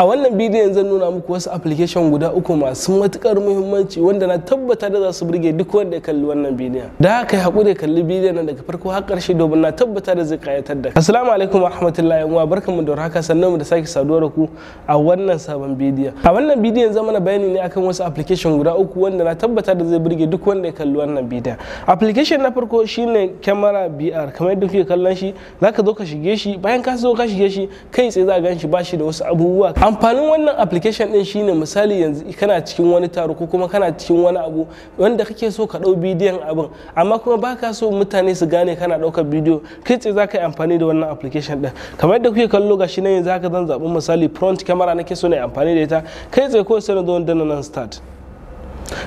a wannan bidiyon zan nuna muku wasu application guda uku masu matukar muhimmanci wanda na tabbata da za su burge duk wanda ya kalli wannan bidiyon da haka ya haƙuri kalli bidiyon nan daga farko har ƙarshe domin na tabbata da zai kayatar da assalamu alaikum warahmatullahi wa barkamu da haka sannan mu da sake saduwa da ku a wannan sabon bidiyon a wannan bidiyon zan mana bayani ne akan wasu application guda uku wanda na tabbata da zai burge duk wanda ya kalli wannan bidiyon application na farko shine camera BR kamar yadda kuke kallon shi zaka zo ka shige shi bayan ka zo ka shige shi kai tsaye za ka gan shi ba da wasu abubuwa amfanin wannan application din shine misali yanzu kana cikin wani taro ko kuma kana cikin wani abu wanda kake so ka dau bidiyon abin amma kuma baka so mutane su gane kana ɗaukar bidiyo kai tsaye za yi amfani da wannan application din kamar yadda kuke kallo ga shi na yanzu zaka zan zaɓi misali front camera nake so na yi amfani da ita kai tsaye ko sai na zo nan start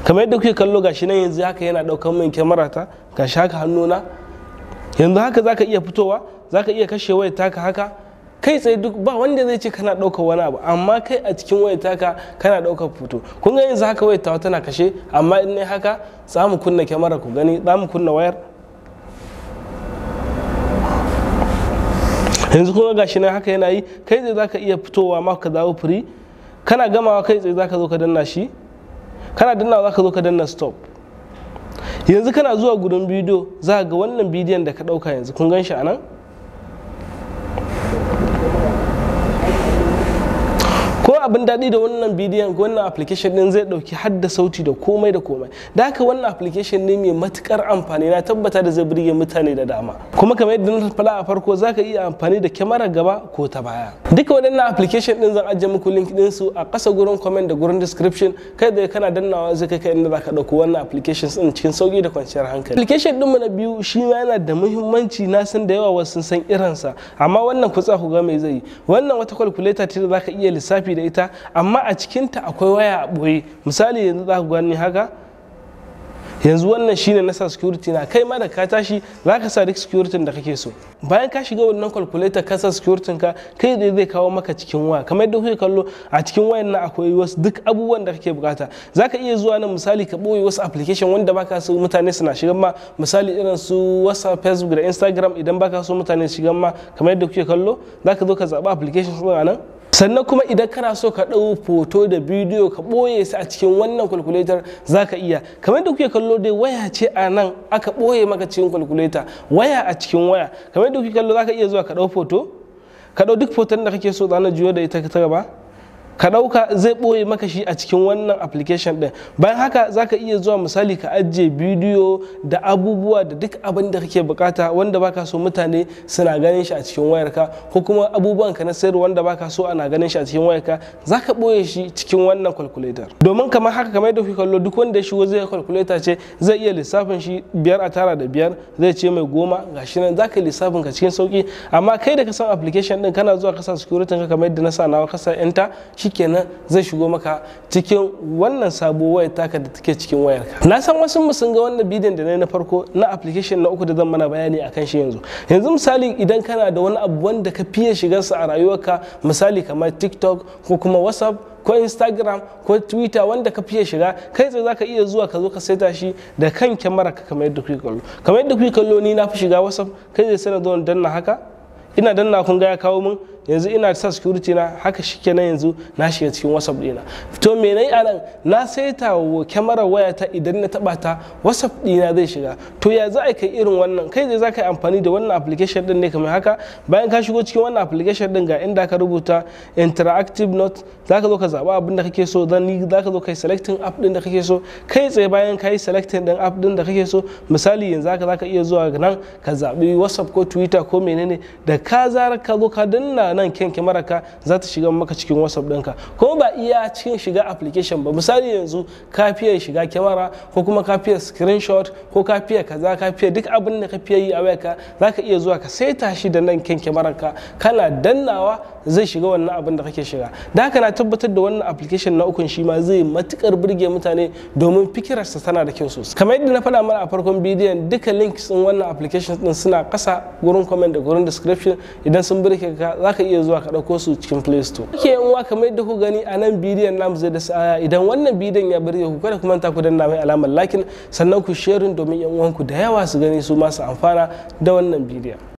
kamar yadda kuke kallo ga shi yanzu haka yana ɗaukar min kyamara ta gashi haka hannuna yanzu haka za iya fitowa zaka iya kashe wayar taka haka kai tsaye duk ba wanda zai ce kana ɗaukar wani abu amma kai a cikin wayar ka kana ɗaukar foto kun ga yanzu haka wayar tana kashe amma in ne haka za mu kunna kyamara ku gani za mu kunna wayar yanzu kuma gashi nan haka yana yi kai tsaye zaka iya fitowa ma ka dawo firi kana gamawa kai tsaye zaka zo ka danna shi kana dannawa zaka zo ka danna stop yanzu kana zuwa gudun bidiyo za ga wannan bidiyon da ka ɗauka yanzu kun gan shi a nan ko abin daɗi da wannan bidiyon wannan application din zai ɗauki har da sauti da komai da komai da haka wannan application ne mai matukar amfani na tabbata da zai burge mutane da dama kuma kamar yadda na fala a farko zaka iya amfani da kyamarar gaba ko ta baya duka waɗannan application din zan ajiye muku link din su a ƙasa gurin comment da gurin description kai da kana dannawa zai kai kai inda zaka ɗauko wannan application din cikin sauki da kwanciyar hankali application din mu na biyu shi ma yana da muhimmanci na san da yawa wasu sun san irinsa amma wannan kutsa ku ga me zai wannan wata calculator ce da zaka iya lissafi da ita amma a cikinta akwai waya a ɓoye misali yanzu za ka gani haka yanzu wannan shine na sa security na kai ma da ka tashi za ka sa duk security da kake so bayan ka shiga wannan calculator ka sa security ka kai da zai kawo maka cikin waya kamar yadda kuke kallo a cikin wayan nan akwai wasu duk abubuwan da kake bukata za ka iya zuwa nan misali ka boye wasu application wanda baka so mutane suna shigan ma misali irin su whatsapp facebook da instagram idan baka so mutane shigan ma kamar yadda kuke kallo za ka zo ka zaɓi application a nan sannan kuma idan kana so ka ɗau foto da bidiyo ka ɓoye su a cikin wannan calculator za ka iya kamar da kuke kallo dai waya ce a nan aka ɓoye maka cikin calculator waya a cikin waya kamar da kuke kallo za ka iya zuwa ka ɗau foto ka ɗau duk foton da kake so zana juyo da ita ta gaba ka ɗauka zai ɓoye maka shi a cikin wannan application ɗin bayan haka zaka iya zuwa misali ka ajiye bidiyo da abubuwa da duk abin da kake bukata wanda baka so mutane suna ganin shi a cikin wayarka ko kuma abubuwan ka na sayar wanda baka so ana ganin shi a cikin wayarka za ka ɓoye shi cikin wannan calculator domin kamar haka kamar yadda kuke kallo duk wanda ya shigo zai calculator ce zai iya lissafin shi biyar a tara da biyar zai ce mai goma gashi nan zaka ka lissafin ka cikin sauki amma kai da ka san application ɗin kana zuwa kasa sa security kamar yadda na sa nawa ka enter shikenan zai shigo maka cikin wannan sabo wayar taka da take cikin wayarka na san wasu mu ga wannan bidiyon da na na farko na application na uku da zan mana bayani akan shi yanzu yanzu misali idan kana da wani abu wanda ka fiye shigarsa a rayuwarka misali kamar tiktok ko kuma whatsapp ko instagram ko twitter wanda ka fiye shiga kai tsaye zaka iya zuwa ka zo ka saita shi da kan kyamara ka kamar yadda kuke kallo kamar yadda kuke kallo ni na fi shiga whatsapp kai tsaye sanar na zo danna haka ina danna kun ga ya kawo min yanzu ina sa security na haka shikenan yanzu na shiga cikin whatsapp dina to me nayi anan na saita wa kyamarar ta idan na taba ta whatsapp dina zai shiga to ya za kai irin wannan kai zai za ka yi amfani da wannan application din ne kamar haka bayan ka shigo cikin wannan application din ga inda ka rubuta interactive note za ka zo ka zaba abin da kake so zan za ka zo kai selecting app din da kake so kai tsaye bayan ka yi selecting din app din da kake so misali yanzu za ka iya zuwa nan ka zabi whatsapp ko twitter ko menene da ka zara ka zo ka danna tana nan kyan kyamararka za ta shiga maka cikin whatsapp ɗinka ko ba iya cikin shiga application ba misali yanzu ka fiye shiga kyamara ko kuma ka fiye screenshot ko ka fiye kaza ka fiye duk abin da ka fiye yi a wayarka za ka iya zuwa ka saita shi da nan kyan kyamararka kana dannawa zai shiga wannan abin da kake shiga da haka na tabbatar da wannan application na ukun shi ma zai matukar burge mutane domin fikirarsa tana da kyau sosai kamar yadda na faɗa mana a farkon bidiyon duka links ɗin wannan application ɗin suna kasa gurin comment da gurin description idan sun burge ka za ka ka iya zuwa ka ɗauko su cikin play store ke yan uwa kamar yadda ku gani a nan bidiyon namu zai da sa'a idan wannan bidiyon ya bari ku kada ku manta ku danna mai alamar lakin sannan ku sharing domin yan uwanku da yawa su gani su masu amfana da wannan bidiyon